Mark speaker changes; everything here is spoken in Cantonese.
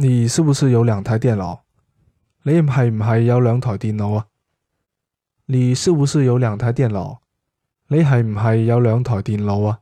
Speaker 1: 你是不是有兩台電腦？你係唔係有兩台電腦啊？你是不是有兩台電腦？你係唔係
Speaker 2: 有兩台電腦啊？